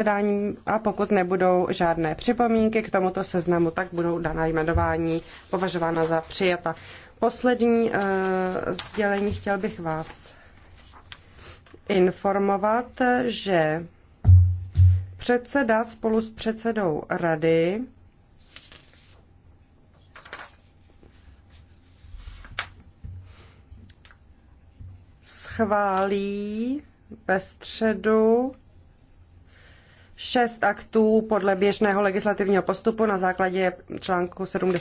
zasedáním a pokud nebudou žádné připomínky k tomuto seznamu, tak budou daná jmenování považována za přijata. Poslední uh, sdělení chtěl bych vás informovat, že předseda spolu s předsedou rady schválí ve středu šest aktů podle běžného legislativního postupu na základě článku